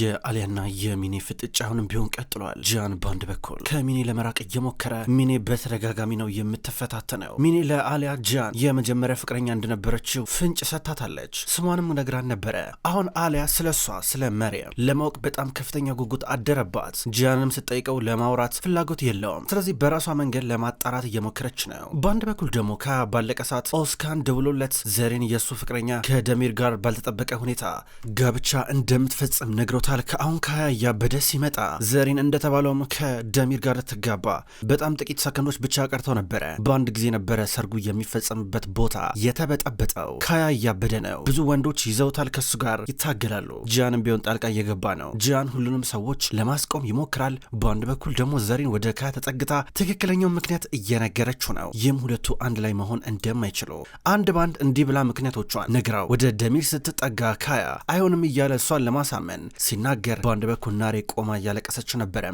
የአሊያና የሚኔ ፍጥጫ አሁንም ቢሆን ቀጥሏል። ጂያን በአንድ በኩል ከሚኔ ለመራቅ እየሞከረ ሚኔ በተደጋጋሚ ነው የምትፈታተነው። ሚኔ ለአሊያ ጂያን የመጀመሪያ ፍቅረኛ እንደነበረችው ፍንጭ ሰጥታታለች። ስሟንም ነግራን ነበረ። አሁን አሊያ ስለ እሷ ስለ መሪያም ለማወቅ በጣም ከፍተኛ ጉጉት አደረባት። ጂያንም ስጠይቀው ለማውራት ፍላጎት የለውም። ስለዚህ በራሷ መንገድ ለማጣራት እየሞከረች ነው። በአንድ በኩል ደግሞ ከባለቀ ሰዓት ኦስካን ደውሎለት ዘሬን የእሱ ፍቅረኛ ከደሚር ጋር ባልተጠበቀ ሁኔታ ጋብቻ እንደምትፈጽም ነግ ነግሮታል። ከአሁን ከሀያ እያበደ ሲመጣ ዘሪን እንደተባለውም ከደሚር ጋር ልትጋባ በጣም ጥቂት ሰከንዶች ብቻ ቀርተው ነበረ። በአንድ ጊዜ ነበረ ሰርጉ የሚፈጸምበት ቦታ የተበጠበጠው። ከሀያ እያበደ ነው። ብዙ ወንዶች ይዘውታል፣ ከሱ ጋር ይታገላሉ። ጂያንም ቢሆን ጣልቃ እየገባ ነው። ጂያን ሁሉንም ሰዎች ለማስቆም ይሞክራል። በአንድ በኩል ደግሞ ዘሪን ወደ ከሀያ ተጠግታ ትክክለኛው ምክንያት እየነገረችው ነው። ይህም ሁለቱ አንድ ላይ መሆን እንደማይችሉ አንድ በአንድ እንዲህ ብላ ምክንያቶቿን ነግራው ወደ ደሚር ስትጠጋ ካያ አይሆንም እያለ እሷን ለማሳመን ሲናገር በአንድ በኩል ናሬ ቆማ እያለቀሰች ነበረ።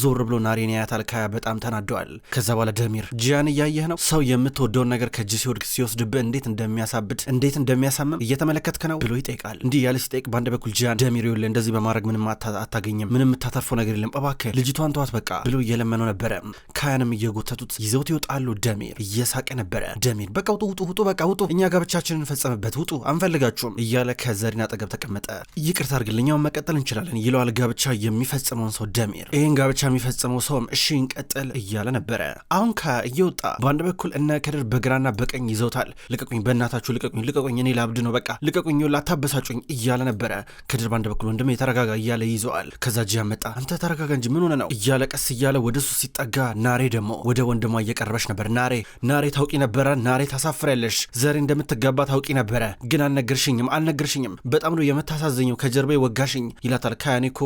ዞር ብሎ ናሬን ያያታል። ካያ በጣም ተናደዋል። ከዛ በኋላ ደሚር ጂያን እያየህ ነው ሰው የምትወደውን ነገር ከእጅ ሲወድቅ ሲወስድብህ እንዴት እንደሚያሳብድ እንዴት እንደሚያሳምም እየተመለከትክ ነው ብሎ ይጠይቃል። እንዲህ ያለ ሲጠይቅ በአንድ በኩል ጂያን ደሚር ይውል እንደዚህ በማድረግ ምንም አታገኝም፣ ምንም የምታተርፈው ነገር የለም፣ እባክህ ልጅቷን ተዋት በቃ ብሎ እየለመነው ነበረ። ካያንም እየጎተቱት ይዘውት ይወጣሉ። ደሚር እየሳቀ ነበረ። ደሚር በቃ ውጡ፣ ውጡ፣ ውጡ፣ በቃ ውጡ፣ እኛ ጋብቻችንን እንፈጸምበት፣ ውጡ፣ አንፈልጋችሁም እያለ ከዘሪን አጠገብ ተቀመጠ። ይቅርታ አድርግልኛውን መቀጠል እንችላለን ይለዋል ጋብቻ የሚፈጽመውን ሰው ደሚር። ይህን ጋብቻ የሚፈጽመው ሰውም እሺ እንቀጥል እያለ ነበረ። አሁን እየወጣ በአንድ በኩል እነ ከድር በግራና በቀኝ ይዘውታል። ልቀቁኝ፣ በእናታችሁ ልቀቁኝ፣ ልቀቁኝ፣ እኔ ላብድ ነው በቃ ልቀቁኝ፣ ላታበሳጩኝ እያለ ነበረ። ከድር በአንድ በኩል ወንድም የተረጋጋ እያለ ይዘዋል። ከዛ ጂያ መጣ። አንተ ተረጋጋ እንጂ ምን ሆነ ነው እያለ ቀስ እያለ ወደ ሱ ሲጠጋ፣ ናሬ ደግሞ ወደ ወንድሟ እየቀረበች ነበር። ናሬ ናሬ ታውቂ ነበረ፣ ናሬ ታሳፍሪያለሽ፣ ዘሬ እንደምትጋባ ታውቂ ነበረ፣ ግን አልነገርሽኝም፣ አልነገርሽኝም። በጣም ነው የምታሳዝኘው፣ ከጀርባ ወጋሽኝ ይላታል። ካያን እኮ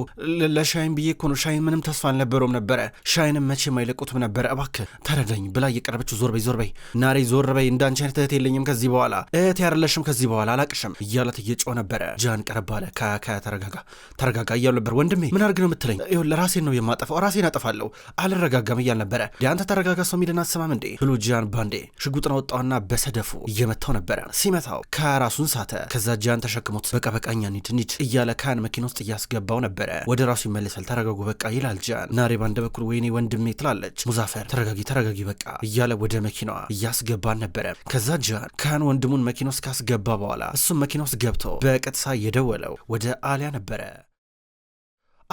ለሻይን ብዬ እኮ ነው። ሻይን ምንም ተስፋ አልነበረውም ነበረ። ሻይንም መቼም አይለቁትም ነበረ። እባክ ተረዳኝ ብላ እየቀረበችው ዞር በይ ዞር በይ ናሬ ዞር በይ፣ እንዳንቺ አይነት እህት የለኝም ከዚህ በኋላ እህት ያረለሽም ከዚህ በኋላ አላቅሽም እያላት እየጮ ነበረ። ጃን ቀረብ አለ። ካያ ካያ ተረጋጋ ተረጋጋ እያሉ ነበር። ወንድሜ ምን አርግ ነው የምትለኝ? ይሁን ለራሴን ነው የማጠፋው ራሴን አጠፋለሁ አልረጋጋም እያል ነበረ። አንተ ተረጋጋ ሰው የሚልን አሰማም እንዴ ብሎ ጃን ባንዴ ሽጉጥን አወጣውና በሰደፉ እየመታው ነበረ። ሲመታው ካያ ራሱን ሳተ። ከዛ ጃን ተሸክሞት በቃ በቃ እኛ እንሂድ እንሂድ እያለ ካያን መኪና ውስጥ እያስገባው ነበረ። ወደ ራሱ ይመለሳል። ተረጋጉ በቃ ይላል ጃን። ናሬ ባንድ በኩል ወይኔ ወንድሜ ትላለች። ሙዛፈር ተረጋጊ ተረጋጊ በቃ እያለ ወደ መኪናዋ እያስገባን ነበረ። ከዛ ጃን ካህን ወንድሙን መኪና ውስጥ ካስገባ በኋላ እሱም መኪና ውስጥ ገብቶ በቀጥታ የደወለው ወደ አሊያ ነበረ።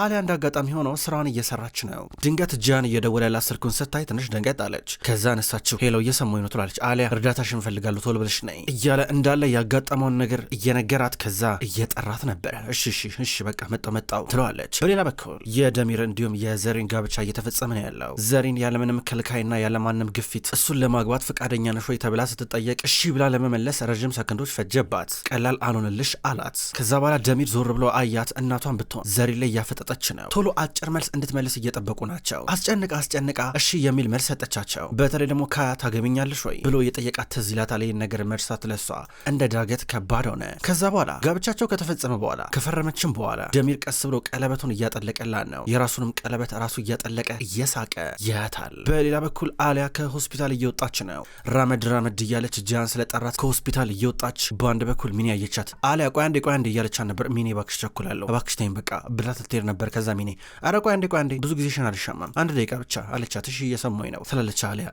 አሊያ እንደ አጋጣሚ ሆኖ ስራዋን እየሰራች ነው። ድንገት ጂያን እየደወለላት ስልኩን ስታይ ትንሽ ደንገጥ አለች። ከዛ አነሳችው። ሄሎ እየሰማኝ ነው ትላለች። አሊያ እርዳታሽን እፈልጋለሁ ቶሎ ብለሽ ነይ እያለ እንዳለ ያጋጠመውን ነገር እየነገራት ከዛ እየጠራት ነበረ። እሺ እሺ እሺ በቃ መጣው መጣው ትለዋለች። በሌላ በኩል የደሚር እንዲሁም የዘሪን ጋብቻ እየተፈጸመ ነው ያለው። ዘሪን ያለምንም ከልካይና ያለማንም ግፊት እሱን ለማግባት ፈቃደኛ ነሽ ወይ ተብላ ስትጠየቅ እሺ ብላ ለመመለስ ረዥም ሰከንዶች ፈጀባት። ቀላል አልሆንልሽ አላት። ከዛ በኋላ ደሚር ዞር ብሎ አያት። እናቷን ብትሆን ዘሪን ላይ እያፈጠ እየተሯሯጠች ነው። ቶሎ አጭር መልስ እንድትመልስ እየጠበቁ ናቸው። አስጨንቃ አስጨንቃ እሺ የሚል መልስ ሰጠቻቸው። በተለይ ደግሞ ከያ ታገቢኛለሽ ወይ ብሎ የጠየቃት ትዝ ይላታል። ይህን ነገር መርሳት ለሷ እንደ ዳገት ከባድ ሆነ። ከዛ በኋላ ጋብቻቸው ከተፈጸመ በኋላ ከፈረመችም በኋላ ደሚር ቀስ ብሎ ቀለበቱን እያጠለቀላት ነው። የራሱንም ቀለበት ራሱ እያጠለቀ እየሳቀ ያያታል። በሌላ በኩል አሊያ ከሆስፒታል እየወጣች ነው። ራመድ ራመድ እያለች ጃን ስለጠራት ከሆስፒታል እየወጣች በአንድ በኩል ሚኒ አየቻት። አሊያ ቆይ አንዴ ቆይ አንዴ እያለቻት ነበር። ሚኒ እባክሽ ቸኩላለሁ፣ እባክሽ ተይኝ በቃ ብላ ትትሄድ ነበር። ከዛ ሚኔ ኧረ ቆይ አንዴ ቆይ አንዴ ብዙ ጊዜሽን አልሻማም አንድ ደቂቃ ብቻ አለቻት። እሺ እየሰማኝ ነው ትላለች አሊያ።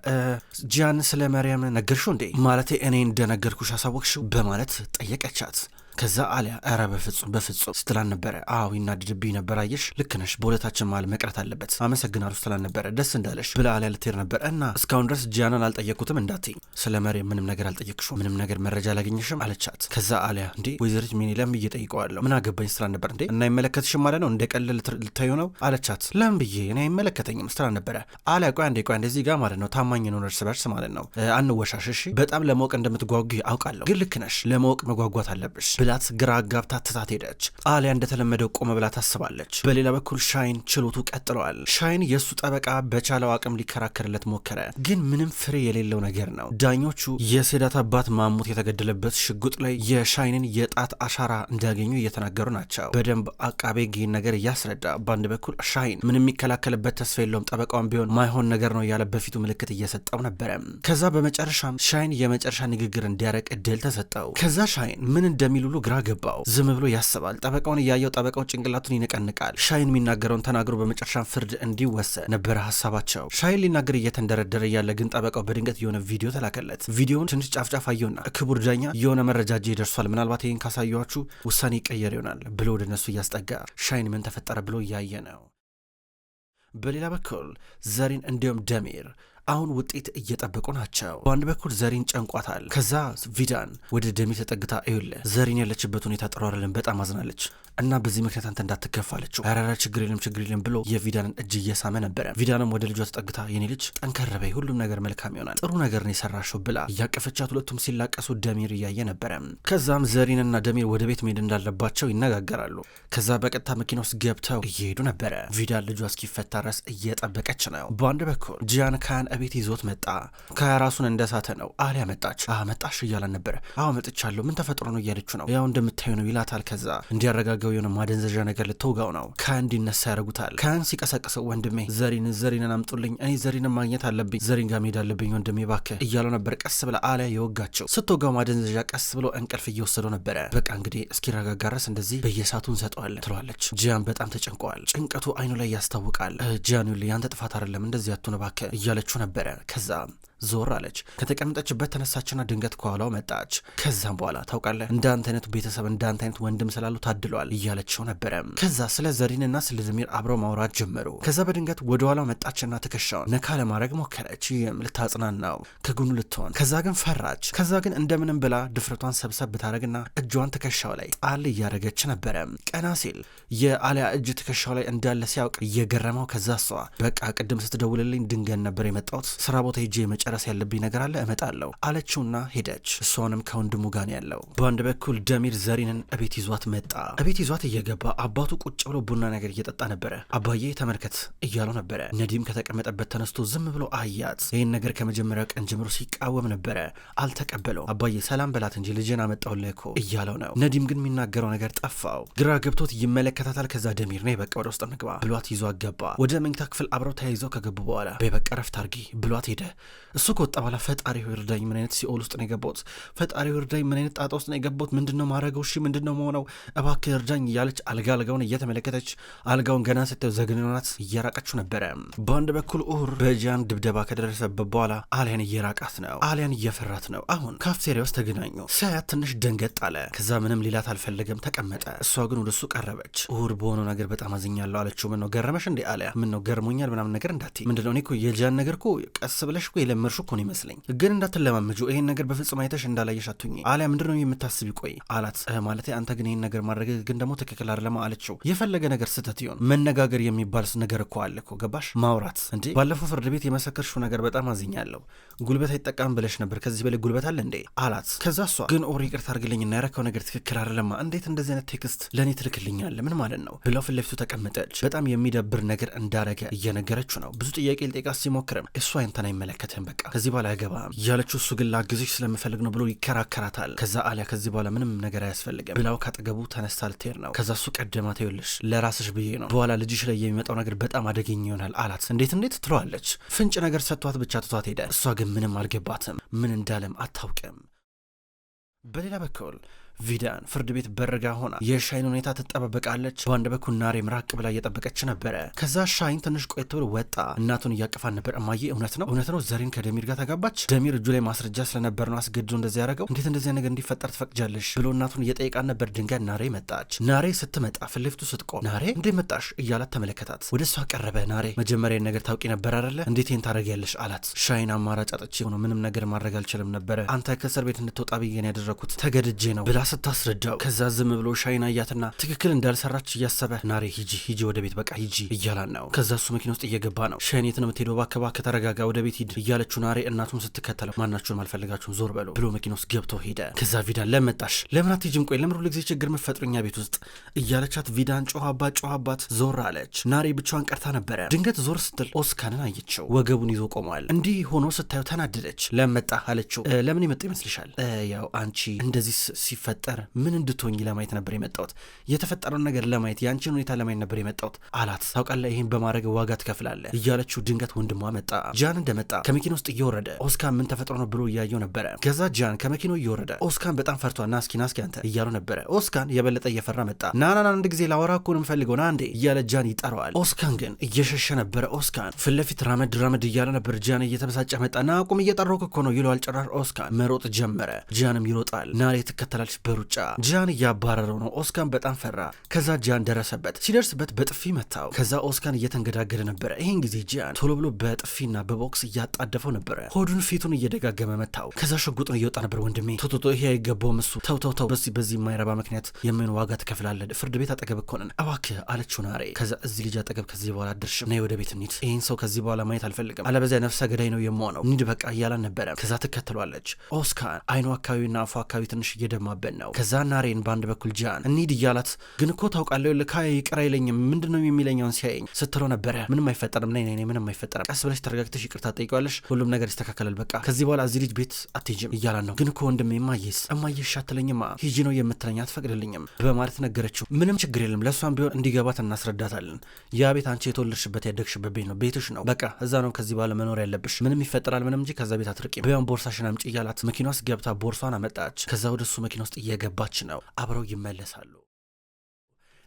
ጂያን ስለ መርያም ነገርሽው እንዴ? ማለቴ እኔ እንደነገርኩሽ አሳወቅሽው በማለት ጠየቀቻት። ከዛ አሊያ ኧረ በፍጹም በፍጹም ስትላን ነበረ። አዎ ይናድድብኝ ነበር። አየሽ ልክ ነሽ፣ በሁለታችን መሃል መቅረት አለበት። አመሰግናለሁ ስትላን ነበረ። ደስ እንዳለሽ ብላ አሊያ ልትሄድ ነበር እና እስካሁን ድረስ ጂያናን አልጠየቅኩትም እንዳትኝ፣ ስለ መሬም ምንም ነገር አልጠየቅሽም፣ ምንም ነገር መረጃ አላገኘሽም አለቻት። ከዛ አሊያ እንዴ ወይዘሪት ሚኒለም ብዬ ጠይቀዋለሁ ምን አገባኝ ስትላን ነበር። እንዴ እና አይመለከትሽም ማለት ነው እንደ ቀልድ ልታዩ ነው አለቻት። ለምን ብዬ እኔ አይመለከተኝም ስትላን ነበረ። አሊያ ቆይ አንዴ ቆይ እንደዚህ ጋር ማለት ነው ታማኝ ነው እርስ በርስ ማለት ነው አንወሻሽ። በጣም ለማወቅ እንደምትጓጉ አውቃለሁ፣ ግን ልክ ነሽ፣ ለማወቅ መጓጓት አለብሽ ብላት ግራ ጋብታ ትታት ሄደች። አሊያ እንደተለመደው ቆመ ብላ ታስባለች። በሌላ በኩል ሻይን ችሎቱ ቀጥሏል። ሻይን የእሱ ጠበቃ በቻለው አቅም ሊከራከርለት ሞከረ፣ ግን ምንም ፍሬ የሌለው ነገር ነው። ዳኞቹ የሴዳት አባት ማሙት የተገደለበት ሽጉጥ ላይ የሻይንን የጣት አሻራ እንዲያገኙ እየተናገሩ ናቸው። በደንብ አቃቤ ይህን ነገር እያስረዳ፣ በአንድ በኩል ሻይን ምንም የሚከላከልበት ተስፋ የለውም፣ ጠበቃውን ቢሆን ማይሆን ነገር ነው እያለ በፊቱ ምልክት እየሰጠው ነበረ። ከዛ በመጨረሻም ሻይን የመጨረሻ ንግግር እንዲያረቅ እድል ተሰጠው። ከዛ ሻይን ምን እንደሚሉ ሁሉ ግራ ገባው። ዝም ብሎ ያስባል። ጠበቃውን እያየው ጠበቃው ጭንቅላቱን ይነቀንቃል። ሻይን የሚናገረውን ተናግሮ በመጨረሻም ፍርድ እንዲወሰን ነበረ ሀሳባቸው። ሻይን ሊናገር እየተንደረደረ እያለ ግን ጠበቃው በድንገት የሆነ ቪዲዮ ተላከለት። ቪዲዮውን ትንሽ ጫፍጫፍ አየውና ክቡር ዳኛ የሆነ መረጃ እጄ ይደርሷል፣ ምናልባት ይህን ካሳየኋችሁ ውሳኔ ይቀየር ይሆናል ብሎ ወደ እነሱ እያስጠጋ ሻይን ምን ተፈጠረ ብሎ እያየ ነው። በሌላ በኩል ዘሪን እንዲሁም ደሚር አሁን ውጤት እየጠበቁ ናቸው። በአንድ በኩል ዘሪን ጨንቋታል። ከዛ ቪዳን ወደ ደሚ ተጠግታ እዩለ ዘሪን ያለችበት ሁኔታ ጥሩ አይደለም፣ በጣም አዝናለች እና በዚህ ምክንያት አንተ እንዳትከፋለችው አራራ ችግር የለም ችግር የለም ብሎ የቪዳንን እጅ እየሳመ ነበረ። ቪዳንም ወደ ልጇ ተጠግታ የኔ ልጅ ጠንከር በይ፣ ሁሉም ነገር መልካም ይሆናል፣ ጥሩ ነገር ነው የሰራሽው ብላ እያቀፈቻት ሁለቱም ሲላቀሱ ደሚር እያየ ነበረ። ከዛም ዘሪንና ደሚር ወደ ቤት መሄድ እንዳለባቸው ይነጋገራሉ። ከዛ በቀጥታ መኪና ውስጥ ገብተው እየሄዱ ነበረ። ቪዳን ልጇ እስኪፈታ ድረስ እየጠበቀች ነው። በአንድ በኩል ጂያን ካን ቤት ይዞት መጣ። ከራሱን እንደሳተ ነው። አሊያ መጣች። መጣሽ እያላን ነበረ። አዎ መጥቻለሁ። ምን ተፈጥሮ ነው እያለችው ነው። ያው እንደምታዩ ነው ይላታል። ከዛ እንዲያረጋገው የሆነ ማደንዘዣ ነገር ልትወጋው ነው። ከእንዲነሳ ያደርጉታል። ከን ሲቀሰቅሰው ወንድሜ ዘሪን ዘሪንን አምጡልኝ፣ እኔ ዘሪንን ማግኘት አለብኝ፣ ዘሪን ጋር መሄድ አለብኝ ወንድሜ እባክህ እያለው ነበር። ቀስ ብላ አሊያ የወጋቸው ስትወጋው ማደንዘዣ ቀስ ብሎ እንቅልፍ እየወሰደው ነበረ። በቃ እንግዲህ እስኪረጋጋ ድረስ እንደዚህ በየሰዓቱ እንሰጠዋለን ትለዋለች። ጂያን በጣም ተጨንቀዋል። ጭንቀቱ አይኑ ላይ ያስታውቃል። ጂያን ያንተ ጥፋት አይደለም እንደዚህ ያቱን እባክህ እያለችው ነበር better, cause um, ዞር አለች። ከተቀመጠችበት ተነሳችና ድንገት ከኋላው መጣች። ከዛም በኋላ ታውቃለህ እንዳንተ አይነቱ ቤተሰብ እንዳንተ አይነት ወንድም ስላሉ ታድሏል እያለችው ነበረ። ከዛ ስለ ዘሪንና ስለ ዝሚር አብረው ማውራት ጀመሩ። ከዛ በድንገት ወደ መጣችና ትከሻውን ነካ ለማድረግ ሞከረች፣ ይህም ልታጽናናው ከጉኑ ልትሆን፣ ከዛ ግን ፈራች። ከዛ ግን እንደምንም ብላ ድፍረቷን ሰብሰብ ብታደረግና እጇን ትከሻው ላይ ጣል እያደረገች ነበረ። ቀና ሲል የአሊያ እጅ ትከሻው ላይ እንዳለ ሲያውቅ እየገረመው ከዛ እሷ በቃ ቅድም ስትደውልልኝ ድንገን ነበር የመጣሁት ስራ ቦታ ሄጄ የመጨረ መጨረስ ያለብኝ ነገር አለ እመጣለሁ አለችውና ሄደች። እሷንም ከወንድሙ ጋር ያለው በአንድ በኩል ደሚር ዘሪንን እቤት ይዟት መጣ። እቤት ይዟት እየገባ አባቱ ቁጭ ብሎ ቡና ነገር እየጠጣ ነበረ። አባዬ ተመልከት እያለው ነበረ። ነዲም ከተቀመጠበት ተነስቶ ዝም ብሎ አያት። ይህን ነገር ከመጀመሪያው ቀን ጀምሮ ሲቃወም ነበረ፣ አልተቀበለው። አባዬ ሰላም በላት እንጂ ልጅን አመጣሁልህ እኮ እያለው ነው። ነዲም ግን የሚናገረው ነገር ጠፋው፣ ግራ ገብቶት ይመለከታታል። ከዛ ደሚር ነው በቃ ወደ ውስጥ እንግባ ብሏት ይዟት ገባ። ወደ መኝታ ክፍል አብረው ተያይዘው ከገቡ በኋላ በበቃ ረፍት አርጊ ብሏት ሄደ። እሱ ከወጣ በኋላ ፈጣሪ ሆይ ምን አይነት ሲኦል ውስጥ ነው የገባሁት? ፈጣሪ ሆይ ምን አይነት ጣጣ ውስጥ ነው የገባሁት? ምንድን ነው ማድረገው? እሺ ምንድን ነው መሆነው? እባክህ እርዳኝ እያለች አልጋ አልጋውን እየተመለከተች አልጋውን ገና ስትው ዘግንናት እየራቀችው ነበረ። በአንድ በኩል ኡር በጃን ድብደባ ከደረሰበት በኋላ አሊያን እየራቃት ነው፣ አሊያን እየፈራት ነው። አሁን ካፍቴሪያ ውስጥ ተገናኙ። ሳያት ትንሽ ደንገጥ አለ። ከዛ ምንም ሌላት አልፈለገም፣ ተቀመጠ። እሷ ግን ወደ እሱ ቀረበች። ኡር በሆነው ነገር በጣም አዝኛለሁ አለችው። ምን ነው ገረመሽ እንዴ? አሊያ ምን ነው ገርሞኛል ምናምን ነገር እንዳትይ ምንድነው እኔ እኮ የጃን ነገር እኮ ቀስ ብለሽ እኮ የለም የተለማመድሽው እኮ ነው ይመስለኝ፣ ግን እንዳትለማመጁ ይሄን ነገር በፍጹም አይተሽ እንዳላየሽ አትሁኚ። አሊያ ምንድን ነው የምታስቢ? ቆይ አላት። ማለት አንተ ግን ይህን ነገር ማድረግ ግን ደግሞ ትክክል አይደለም አለችው። የፈለገ ነገር ስህተት ይሆን መነጋገር የሚባል ነገር እኮ አለ እኮ ገባሽ? ማውራት እንዴ! ባለፈው ፍርድ ቤት የመሰከርሽው ነገር በጣም አዝኛለሁ። ጉልበት አይጠቀም ብለሽ ነበር። ከዚህ በላይ ጉልበት አለ እንዴ? አላት። ከዛ እሷ ግን ኦሪ ይቅርታ አድርግልኝና ያረከው ነገር ትክክል አይደለማ። እንዴት እንደዚህ አይነት ቴክስት ለእኔ ትልክልኛለ? ምን ማለት ነው ብለው ፊት ለፊቱ ተቀምጠች። በጣም የሚደብር ነገር እንዳረገ እየነገረችው ነው። ብዙ ጥያቄ ልጠይቃት ሲሞክርም እሷ ያንተን አይመለከትም በቃ ከዚህ በኋላ አይገባም እያለችው እሱ ግን ላግዝሽ ስለምፈልግ ነው ብሎ ይከራከራታል። ከዛ አሊያ ከዚህ በኋላ ምንም ነገር አያስፈልግም ብላው ካጠገቡ ተነስታ ልትሄድ ነው። ከዛ እሱ ቀደማት። ይኸውልሽ ለራስሽ ብዬ ነው በኋላ ልጅሽ ላይ የሚመጣው ነገር በጣም አደገኛ ይሆናል አላት። እንዴት እንዴት ትለዋለች። ፍንጭ ነገር ሰጥቷት ብቻ ትቷት ሄደ። እሷ ግን ምንም አልገባትም። ምን እንዳለም አታውቅም። በሌላ በኩል ቪዳን ፍርድ ቤት በርጋ ሆና የሻይን ሁኔታ ትጠባበቃለች። በአንድ በኩል ናሬም ራቅ ብላ እየጠበቀች ነበረ። ከዛ ሻይን ትንሽ ቆየት ብሎ ወጣ። እናቱን እያቀፋን ነበር። እማዬ እውነት ነው እውነት ነው ዘሬን ከደሚር ጋር ተጋባች። ደሚር እጁ ላይ ማስረጃ ስለነበር ነው አስገድዶ እንደዚህ ያደረገው። እንዴት እንደዚህ ነገር እንዲፈጠር ትፈቅጃለሽ ብሎ እናቱን እየጠየቃን ነበር። ድንጋይ ናሬ መጣች። ናሬ ስትመጣ ፊት ለፊቱ ስትቆም ናሬ እንዴ መጣሽ እያላት ተመለከታት። ወደ እሷ ቀረበ። ናሬ መጀመሪያ ነገር ታውቂ ነበር አደለ? እንዴት ይህን ታደረጊያለሽ አላት። ሻይን አማራጭ አጥቼ ሆኖ ምንም ነገር ማድረግ አልችልም ነበረ። አንተ ከእስር ቤት እንድትወጣ ብዬን ያደረግኩት ተገድጄ ነው ብላ ስታስረዳው ከዛ ዝም ብሎ ሻይና እያትና ትክክል እንዳልሰራች እያሰበ ናሬ ሂጂ ሂጂ ወደ ቤት በቃ ሂጂ እያላን ነው። ከዛ እሱ መኪና ውስጥ እየገባ ነው። ሸኔት ነው የምትሄደው ባከባ ከተረጋጋ ወደ ቤት ሂድ እያለችው ናሬ እናቱን ስትከተለው ማናችሁንም አልፈልጋችሁም ዞር በሉ ብሎ መኪና ውስጥ ገብቶ ሄደ። ከዛ ቪዳን ለመጣሽ ለምን አትሄጂም? ቆይ ለምን ሁሉ ችግር መፈጥሮኛ ቤት ውስጥ እያለቻት ቪዳን ጮኋባት ጮኋባት ዞር አለች። ናሬ ብቻዋን ቀርታ ነበረ። ድንገት ዞር ስትል ኦስካንን አየችው። ወገቡን ይዞ ቆሟል። እንዲህ ሆኖ ስታየው ተናደደች። ለመጣ አለችው። ለምን የመጣ ይመስልሻል? ያው አንቺ እንደዚህ ሲፈ ተፈጠረ? ምን እንድትሆኝ ለማየት ነበር የመጣሁት። የተፈጠረውን ነገር ለማየት የአንቺን ሁኔታ ለማየት ነበር የመጣሁት አላት። ታውቃለህ፣ ይህን በማድረግ ዋጋ ትከፍላለህ እያለችው ድንገት ወንድሟ መጣ። ጃን እንደመጣ ከመኪና ውስጥ እየወረደ ኦስካ ምን ተፈጥሮ ነው ብሎ እያየው ነበረ። ከዛ ጃን ከመኪናው እየወረደ ኦስካን በጣም ፈርቷ ናስኪ ናስኪ አንተ እያሉ ነበረ። ኦስካን የበለጠ እየፈራ መጣ። ናናና አንድ ጊዜ ላወራ እኮ ነው የምፈልገው ና እንዴ እያለ ጃን ይጠራዋል። ኦስካን ግን እየሸሸ ነበረ። ኦስካን ፊት ለፊት ራመድ ራመድ እያለ ነበር። ጃን እየተበሳጨ መጣ። ና ቁም እየጠራሁህ እኮ ነው ይለዋል። ጭራሽ ኦስካን መሮጥ ጀመረ። ጃንም ይሮጣል። ናሬ ትከተላለች። በሩጫ ጂያን እያባረረው ነው። ኦስካን በጣም ፈራ። ከዛ ጂያን ደረሰበት። ሲደርስበት በጥፊ መታው። ከዛ ኦስካን እየተንገዳገደ ነበረ። ይህን ጊዜ ጂያን ቶሎ ብሎ በጥፊና በቦክስ እያጣደፈው ነበረ። ሆዱን ፊቱን እየደጋገመ መታው። ከዛ ሸጉጡን እየወጣ ነበር። ወንድሜ ቶቶቶ ይሄ አይገባውም እሱ ተውተውተው ተው በዚህ በዚህ የማይረባ ምክንያት የምን ዋጋ ትከፍላለን? ፍርድ ቤት አጠገብ እኮ ነን። እባክህ አለችው ናሬ። ከዛ እዚህ ልጅ አጠገብ ከዚህ በኋላ አድርሽም ነይ ወደ ቤት እንሂድ። ይህን ሰው ከዚህ በኋላ ማየት አልፈልግም፣ አለበዚያ ነፍሰ ገዳይ ነው የምሆነው። እንሂድ በቃ እያላን ነበረ። ከዛ ትከትሏለች። ኦስካን አይኑ አካባቢና አፉ አካባቢ ትንሽ እየደማበን እያለን ነው። ከዛ ናሬን በአንድ በኩል ጃን እንሂድ እያላት ግን እኮ ታውቃለሁ ልካ ይቅር አይለኝም ምንድን ነው የሚለኛውን ሲያየኝ ስትለው ነበረ። ምንም አይፈጠርም፣ ነይ ምንም አይፈጠርም፣ ቀስ ብለሽ ተረጋግተሽ ይቅርታ ጠይቀዋለሽ፣ ሁሉም ነገር ይስተካከላል፣ በቃ ከዚህ በኋላ እዚህ ልጅ ቤት አትሄጂም እያላት ነው። ግን እኮ ወንድሜ እማዬስ እማዬሽ አትለኝማ ሂጂ ነው የምትለኝ አትፈቅድልኝም በማለት ነገረችው። ምንም ችግር የለም ለእሷም ቢሆን እንዲገባት እናስረዳታለን። ያ ቤት አንቺ የተወለድሽበት ያደግሽበት ቤት ነው፣ ቤትሽ ነው፣ በቃ እዛ ነው ከዚህ በኋላ መኖር ያለብሽ። ምንም ይፈጠራል ምንም እንጂ ከዛ ቤት አትርቂም። ቢያን ቦርሳሽን አምጪ እያላት መኪናስ ገብታ ቦርሷን አመጣች። ከዛ ወደ እሱ መኪና ውስጥ እየገባች ነው። አብረው ይመለሳሉ።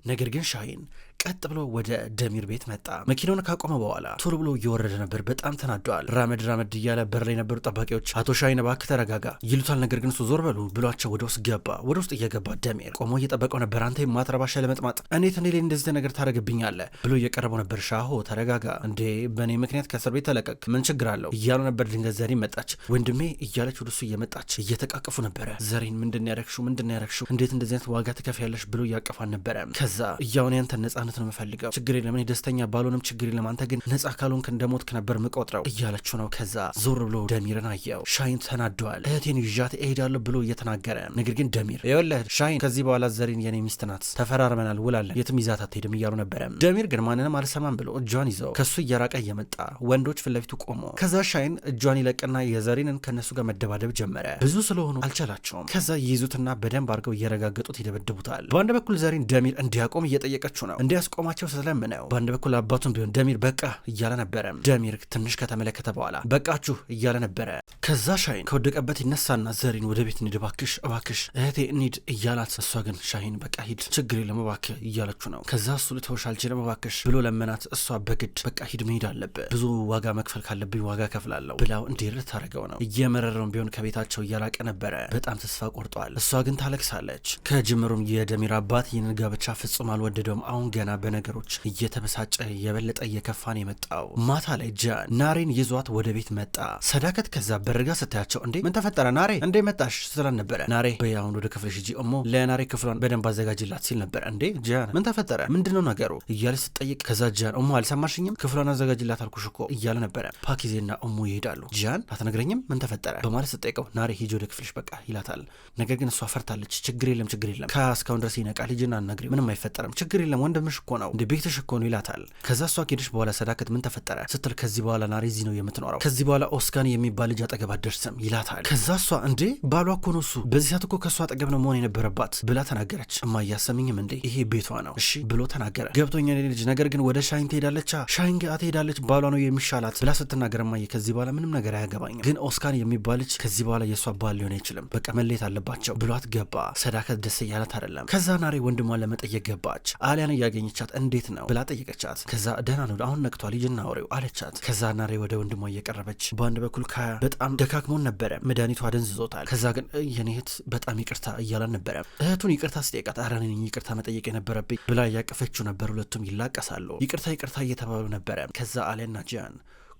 ነገር ግን ሻሂን ቀጥ ብሎ ወደ ደሚር ቤት መጣ። መኪናውን ካቆመ በኋላ ቶሎ ብሎ እየወረደ ነበር። በጣም ተናደዋል። ራመድ ራመድ እያለ በር ላይ የነበሩ ጠባቂዎች አቶ ሻይን እባክህ ተረጋጋ ይሉታል። ነገር ግን እሱ ዞር በሉ ብሏቸው ወደ ውስጥ ገባ። ወደ ውስጥ እየገባ ደሚር ቆሞ እየጠበቀው ነበር። አንተ የማትረባሻ ለመጥማጥ እንዴት እንዴ ላይ እንደዚህ ነገር ታደርግብኛለህ ብሎ እየቀረበው ነበር። ሻሆ ተረጋጋ፣ እንዴ በእኔ ምክንያት ከእስር ቤት ተለቀቅ፣ ምን ችግር አለው እያሉ ነበር። ድንገት ዘሬን መጣች። ወንድሜ እያለች ወደ እሱ እየመጣች እየተቃቀፉ ነበረ። ዘሬን ምንድን ያረግሹ ምንድን ያረግሹ እንዴት እንደዚህ አይነት ዋጋ ትከፍያለሽ ብሎ እያቀፋን ነበረ። ከዛ እያሁን ያንተ ነጻ ማለት ነው የምፈልገው። ችግር የለም እኔ ደስተኛ ባልሆንም ችግር የለም፣ አንተ ግን ነጻ ካልሆንክ እንደሞትክ ነበር ምቆጥረው እያለችው ነው። ከዛ ዞር ብሎ ደሚርን አየው። ሻይን ተናደዋል። እህቴን ይዣት እሄዳለሁ ብሎ እየተናገረ ነገር ግን ደሚር ይኸውልህ ሻይን ከዚህ በኋላ ዘሪን የኔ ሚስት ናት፣ ተፈራርመናል፣ ውላለን፣ የትም ይዛት አትሄድም እያሉ ነበረ። ደሚር ግን ማንንም አልሰማም ብሎ እጇን ይዘው ከሱ እየራቀ እየመጣ ወንዶች ፊት ለፊቱ ቆሞ ከዛ ሻይን እጇን ይለቅና የዘሪንን ከእነሱ ጋር መደባደብ ጀመረ። ብዙ ስለሆኑ አልቻላቸውም። ከዛ ይይዙትና በደንብ አድርገው እየረጋገጡት ይደበድቡታል። በአንድ በኩል ዘሪን ደሚር እንዲያቆም እየጠየቀችው ነው። እንዲ እንዲያስቆማቸው ነው በአንድ በኩል አባቱም ቢሆን ደሚር በቃ እያለ ነበረ። ደሚር ትንሽ ከተመለከተ በኋላ በቃችሁ እያለ ነበረ። ከዛ ሻሂን ከወደቀበት ይነሳና ዘሪን ወደ ቤት እንሂድ እባክሽ፣ እባክሽ እህቴ እንሂድ እያላት፣ እሷ ግን ሻሂን በቃ ሂድ፣ ችግር የለም እባክህ እያለችው ነው። ከዛ እሱ ልተውሽ አልችልም እባክሽ ብሎ ለመናት። እሷ በግድ በቃ ሂድ፣ መሄድ አለብህ፣ ብዙ ዋጋ መክፈል ካለብኝ ዋጋ ከፍላለሁ ብላው እንዲሄድ አድርገው ነው። እየመረረውን ቢሆን ከቤታቸው እያላቀ ነበረ። በጣም ተስፋ ቆርጧል። እሷ ግን ታለቅሳለች። ከጅምሩም የደሚር አባት ይህንን ጋብቻ ፍጹም አልወደደውም። አሁን ገና ገና በነገሮች እየተበሳጨ የበለጠ እየከፋን የመጣው። ማታ ላይ ጃን ናሬን ይዟት ወደ ቤት መጣ። ሰዳከት ከዛ በርጋ ስታያቸው እንዴ ምን ተፈጠረ ናሬ እንዴ መጣሽ ስላል ነበረ። ናሬ በያሁን ወደ ክፍልሽ እጂ እሞ ለናሬ ክፍሏን በደንብ አዘጋጅላት ሲል ነበረ። እንዴ ጃን ምን ተፈጠረ ምንድነው ነገሩ እያለ ስትጠይቅ ከዛ ጃን እሞ አልሰማሽኝም ክፍሏን አዘጋጅላት አልኩሽ እኮ እያለ ነበረ። ፓኪዜና እሞ ይሄዳሉ። ጃን አትነግረኝም ምን ተፈጠረ በማለት ስጠይቀው ናሬ ሂጂ ወደ ክፍልሽ በቃ ይላታል። ነገር ግን እሷ ፈርታለች። ችግር የለም ችግር የለም ከእስካሁን ድረስ ይነቃል ሂጂና አናግሪው ምንም አይፈጠርም ችግር የለም ወንድምሽ እኮ ነው እንደ ቤትሽ እኮ ነው ይላታል። ከዛ እሷ ከሄደች በኋላ ሰዳከት ምን ተፈጠረ ስትል ከዚህ በኋላ ናሬ እዚህ ነው የምትኖረው፣ ከዚህ በኋላ ኦስካን የሚባል ልጅ አጠገብ አትደርስም ይላታል። ከዛ እሷ እንዴ ባሏ እኮ ነው እሱ፣ በዚህ ሰዓት እኮ ከእሷ አጠገብ ነው መሆን የነበረባት ብላ ተናገረች። እማ እያሰምኝም እንዴ ይሄ ቤቷ ነው እሺ ብሎ ተናገረ። ገብቶኛል ልጅ፣ ነገር ግን ወደ ሻይን ትሄዳለቻ፣ ሻይን ጋ ትሄዳለች፣ ባሏ ነው የሚሻላት ብላ ስትናገር እማዬ ከዚህ በኋላ ምንም ነገር አያገባኝም፣ ግን ኦስካን የሚባል ልጅ ከዚህ በኋላ የእሷ ባል ሊሆን አይችልም፣ በቃ መለየት አለባቸው ብሏት ገባ። ሰዳከት ደስ እያላት አይደለም። ከዛ ናሬ ወንድሟን ለመጠየቅ ገባች። አሊያን እያገ ያገኘቻት እንዴት ነው ብላ ጠየቀቻት። ከዛ ደህና ነው አሁን ነቅቷል ልጅና ወሬው አለቻት። ከዛ ናሬ ወደ ወንድሟ እየቀረበች በአንድ በኩል ካያ በጣም ደካክሞን ነበረ፣ መድኃኒቱ አደንዝዞታል። ከዛ ግን የኔ እህት በጣም ይቅርታ እያላን ነበረ። እህቱን ይቅርታ ስጠይቃት ኧረ እኔ ይቅርታ መጠየቅ የነበረብኝ ብላ እያቀፈችው ነበር። ሁለቱም ይላቀሳሉ። ይቅርታ ይቅርታ እየተባሉ ነበረ። ከዛ አሊያና ጂያን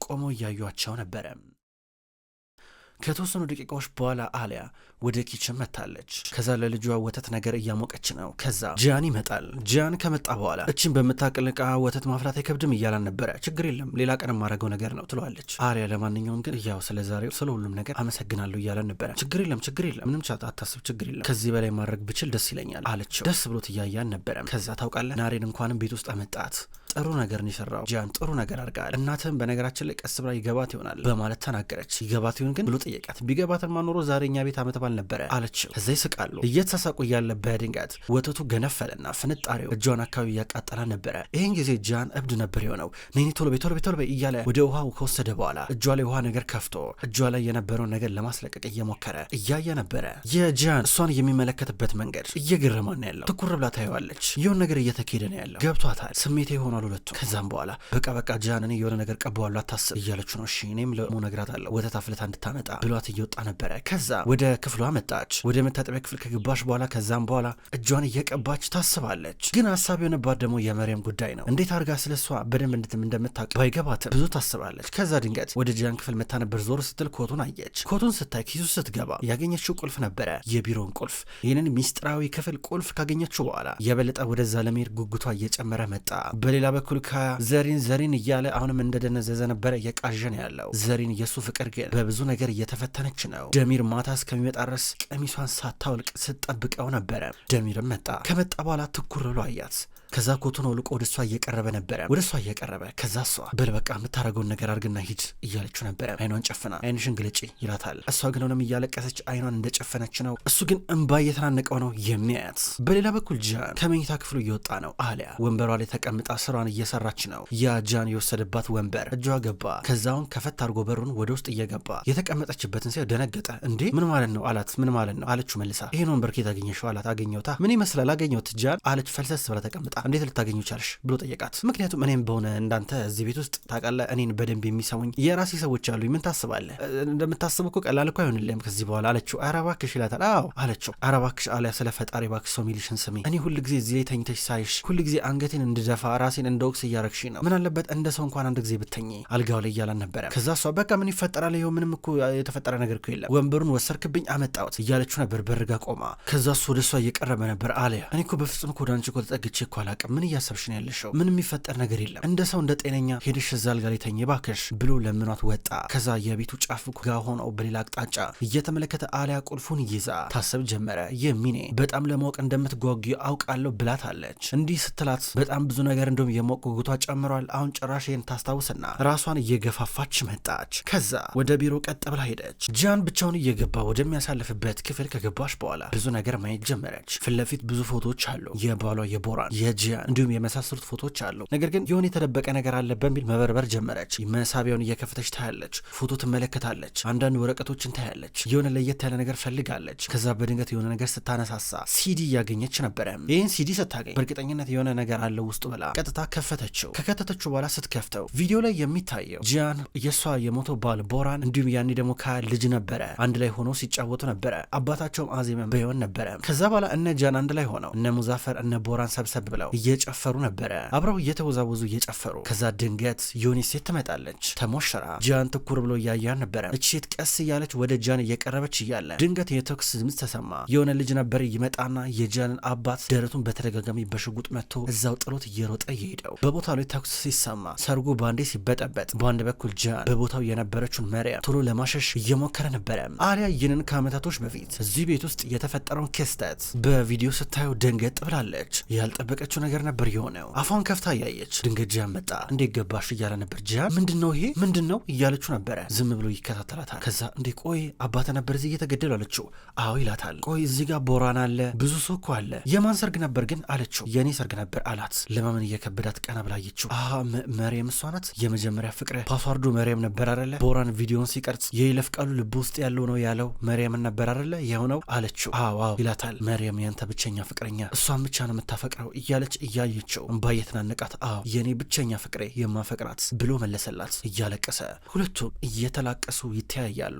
ቆሞ እያዩቸው ነበረ። ከተወሰኑ ደቂቃዎች በኋላ አሊያ ወደ ኪችን መታለች። ከዛ ለልጇ ወተት ነገር እያሞቀች ነው። ከዛ ጂያን ይመጣል። ጂያን ከመጣ በኋላ እችን በምታቅልቃ ወተት ማፍላት አይከብድም እያላን ነበረ። ችግር የለም ሌላ ቀን የማደርገው ነገር ነው ትለዋለች አሊያ። ለማንኛውም ግን ያው ስለ ዛሬው ስለ ሁሉም ነገር አመሰግናለሁ እያላን ነበረ። ችግር የለም ችግር የለም ምንም ቻት አታስብ፣ ችግር የለም ከዚህ በላይ ማድረግ ብችል ደስ ይለኛል አለችው። ደስ ብሎት እያያን ነበረ። ከዛ ታውቃለህ ናሬን እንኳንም ቤት ውስጥ አመጣት ጥሩ ነገር ነው የሰራው ጃን ጥሩ ነገር አድርጋል። እናትህም በነገራችን ላይ ቀስ ብላ ይገባት ይሆናል በማለት ተናገረች። ይገባት ይሁን ግን ብሎ ጠየቃት። ቢገባትማ ማኖሮ ዛሬ እኛ ቤት አመት ባል ነበረ አለችው። እዛ ይስቃሉ። እየተሳሳቁ እያለ በድንገት ወተቱ ገነፈለና ፍንጣሪው እጇን አካባቢ እያቃጠላ ነበረ። ይህን ጊዜ ጃን እብድ ነበር የሆነው። ነይኒ ቶሎ በይ ቶሎ በይ ቶሎ በይ እያለ ወደ ውሃው ከወሰደ በኋላ እጇ ላይ ውሃ ነገር ከፍቶ እጇ ላይ የነበረውን ነገር ለማስለቀቅ እየሞከረ እያየ ነበረ። የጃን እሷን የሚመለከትበት መንገድ እየገረማን ያለው ትኩር ብላ ታየዋለች። ይሁን ነገር እየተካሄደ ነው ያለው ገብቷታል። ስሜቴ ሆኗ ሆኗል ሁለቱ። ከዛም በኋላ በቃ በቃ ጃንን የሆነ ነገር ቀበዋሉ አታስብ እያለች ነው። እሺ እኔም ለሞ ነግራታለሁ ወተት አፍልታ እንድታመጣ ብሏት እየወጣ ነበረ። ከዛ ወደ ክፍሏ መጣች። ወደ መታጠቢያ ክፍል ከገባች በኋላ ከዛም በኋላ እጇን እየቀባች ታስባለች። ግን ሀሳብ የሆነባት ደግሞ የመሪያም ጉዳይ ነው። እንዴት አድርጋ ስለሷ በደንብ እንድትም እንደምታውቅ ባይገባትም ብዙ ታስባለች። ከዛ ድንገት ወደ ጃን ክፍል መታ ነበር። ዞር ስትል ኮቱን አየች። ኮቱን ስታይ ኪሱ ስትገባ ያገኘችው ቁልፍ ነበረ፣ የቢሮውን ቁልፍ። ይህንን ሚስጥራዊ ክፍል ቁልፍ ካገኘችው በኋላ የበለጠ ወደዛ ለመሄድ ጉጉቷ እየጨመረ መጣ። በሌላ በኩል ከዘሪን ዘሪን እያለ አሁንም እንደደነዘዘ ነበረ እየቃዠ ያለው። ዘሪን የእሱ ፍቅር ግን በብዙ ነገር እየተፈተነች ነው። ደሚር ማታ እስከሚመጣ ድረስ ቀሚሷን ሳታውልቅ ስትጠብቀው ነበረ። ደሚርም መጣ። ከመጣ በኋላ ትኩር ብሎ አያት። ከዛ ኮቱን አውልቆ ወደ እሷ እየቀረበ ነበረ፣ ወደ እሷ እየቀረበ ከዛ እሷ በል በቃ የምታደርገውን ነገር አድርግና ሂድ እያለችው ነበረ። አይኗን ጨፍና አይንሽን ግለጪ ይላታል። እሷ ግን ሆነም እያለቀሰች አይኗን እንደጨፈነች ነው። እሱ ግን እንባ እየተናነቀው ነው የሚያያት። በሌላ በኩል ጃን ከመኝታ ክፍሉ እየወጣ ነው። አሊያ ወንበሯ ላይ ተቀምጣ ስራዋን እየሰራች ነው። ያ ጃን የወሰደባት ወንበር እጇ ገባ። ከዛውን ከፈት አድርጎ በሩን ወደ ውስጥ እየገባ የተቀመጠችበትን ሲያው ደነገጠ። እንዴ ምን ማለት ነው አላት። ምን ማለት ነው አለችው መልሳ። ይሄን ወንበር ኬት አገኘሽው አላት። አገኘውታ ምን ይመስላል አገኘውት ጃን አለች፣ ፈልሰስ ብላ ተቀምጣ እንዴት ልታገኙ ቻልሽ ብሎ ጠየቃት። ምክንያቱም እኔም በሆነ እንዳንተ እዚህ ቤት ውስጥ ታውቃለህ፣ እኔን በደንብ የሚሰሙኝ የራሴ ሰዎች አሉኝ። ምን ታስባለህ? እንደምታስበው እኮ ቀላል እኮ አይሆንልህም ከዚህ በኋላ አለችው። ኧረ እባክሽ ይላታል። አዎ አለችው። ኧረ እባክሽ አሊያ ስለ ፈጣሪ እባክሽ ሰው የሚልሽን ስሜ እኔ ሁል ጊዜ እዚህ ላይ ተኝተሽ ሳይሽ ሁል ጊዜ አንገቴን እንድደፋ ራሴን እንደ ወቅስ እያረግሽ ነው። ምን አለበት እንደ ሰው እንኳን አንድ ጊዜ ብትኝ አልጋው ላይ እያላን ነበረ። ከዛ እሷ በቃ ምን ይፈጠራል? ይኸው ምንም እኮ የተፈጠረ ነገር እኮ የለም። ወንበሩን ወሰርክብኝ አመጣሁት እያለችው ነበር። በርጋ ቆማ። ከዛ እሱ ወደ እሷ እየቀረበ ነበር። አሊያ እኔ እኮ በፍጹም እኮ ወደ አንቺ እኮ ተጠግቼ እኮ አላቅም። ምን እያሰብሽ ነው ያለሽው? ምን የሚፈጠር ነገር የለም። እንደ ሰው እንደ ጤነኛ ሄድሽ እዛ አልጋ ላይ ተኝ ባክሽ ብሎ ለምኗት ወጣ። ከዛ የቤቱ ጫፍ ጋ ሆነው በሌላ አቅጣጫ እየተመለከተ አሊያ ቁልፉን ይዛ ታሰብ ጀመረ። የሚኔ በጣም ለማወቅ እንደምትጓጉ አውቃለሁ ብላት አለች። እንዲህ ስትላት በጣም ብዙ ነገር እንደውም የማወቅ ጉጉቷ ጨምሯል። አሁን ጭራሽ ይህን ታስታውስና ራሷን እየገፋፋች መጣች። ከዛ ወደ ቢሮ ቀጥ ብላ ሄደች። ጃን ብቻውን እየገባ ወደሚያሳልፍበት ክፍል ከገባች በኋላ ብዙ ነገር ማየት ጀመረች። ፊት ለፊት ብዙ ፎቶዎች አሉ የባሏ የቦራን የ ጂያ እንዲሁም የመሳሰሉት ፎቶዎች አሉ። ነገር ግን የሆነ የተደበቀ ነገር አለ በሚል መበርበር ጀመረች። መሳቢያውን እየከፈተች ታያለች፣ ፎቶ ትመለከታለች፣ አንዳንድ ወረቀቶችን ታያለች። የሆነ ለየት ያለ ነገር ፈልጋለች። ከዛ በድንገት የሆነ ነገር ስታነሳሳ ሲዲ እያገኘች ነበረ። ይህን ሲዲ ስታገኝ በእርግጠኝነት የሆነ ነገር አለ ውስጡ ብላ ቀጥታ ከፈተችው። ከከተተችው በኋላ ስትከፍተው ቪዲዮ ላይ የሚታየው ጂያን የእሷ የሞተው ባል ቦራን እንዲሁም ያኔ ደግሞ ካያ ልጅ ነበረ አንድ ላይ ሆኖ ሲጫወቱ ነበረ። አባታቸውም አዜመን በይሆን ነበረ። ከዛ በኋላ እነ ጂያን አንድ ላይ ሆነው እነ ሙዛፈር እነ ቦራን ሰብሰብ ብለው ነው። እየጨፈሩ ነበረ፣ አብረው እየተወዛወዙ እየጨፈሩ። ከዛ ድንገት የሆነች ሴት ትመጣለች፣ ተሞሽራ። ጃን ትኩር ብሎ እያያን ነበረ። እች ሴት ቀስ እያለች ወደ ጃን እየቀረበች እያለ ድንገት የተኩስ ድምፅ ተሰማ። የሆነ ልጅ ነበር ይመጣና የጃንን አባት ደረቱን በተደጋጋሚ በሽጉጥ መጥቶ እዛው ጥሎት እየሮጠ እየሄደው በቦታ ላይ ተኩስ ሲሰማ ሰርጉ ባንዴ ሲበጠበጥ፣ በአንድ በኩል ጃን በቦታው የነበረችውን መሪያም ቶሎ ለማሸሽ እየሞከረ ነበረ። አሊያ ይህንን ከዓመታቶች በፊት እዚህ ቤት ውስጥ የተፈጠረውን ክስተት በቪዲዮ ስታየው ደንገጥ ብላለች። ያልጠበቀችው ያልገባችው ነገር ነበር የሆነው። አፏን ከፍታ እያየች ድንገት ጂያን መጣ። እንዴት ገባሽ እያለ ነበር ጂያን። ምንድን ነው ይሄ ምንድን ነው እያለችው ነበረ። ዝም ብሎ ይከታተላታል። ከዛ እንዴ ቆይ አባተ ነበር እዚህ እየተገደሉ አለችው። አዎ ይላታል። ቆይ እዚህ ጋር ቦራን አለ ብዙ ሰው እኮ አለ። የማን ሰርግ ነበር ግን አለችው። የእኔ ሰርግ ነበር አላት። ለማመን እየከበዳት ቀና ብላ አየችው። አ መሬም እሷ ናት የመጀመሪያ ፍቅረ ፓስዋርዱ መሪየም ነበር አለ። ቦራን ቪዲዮን ሲቀርጽ የይለፍ ቃሉ ልብ ውስጥ ያለው ነው ያለው መሬምን ነበር አለ የሆነው አለችው። አዎ ይላታል። መሪየም ያንተ ብቸኛ ፍቅረኛ እሷን ብቻ ነው የምታፈቅረው እያለ እያለች እያየችው እምባ እየተናነቃት አዎ የእኔ ብቸኛ ፍቅሬ የማፈቅራት ብሎ መለሰላት እያለቀሰ። ሁለቱም እየተላቀሱ ይተያያሉ።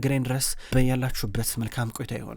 እስከምንገናኝ ድረስ በያላችሁበት መልካም ቆይታ ይሆን።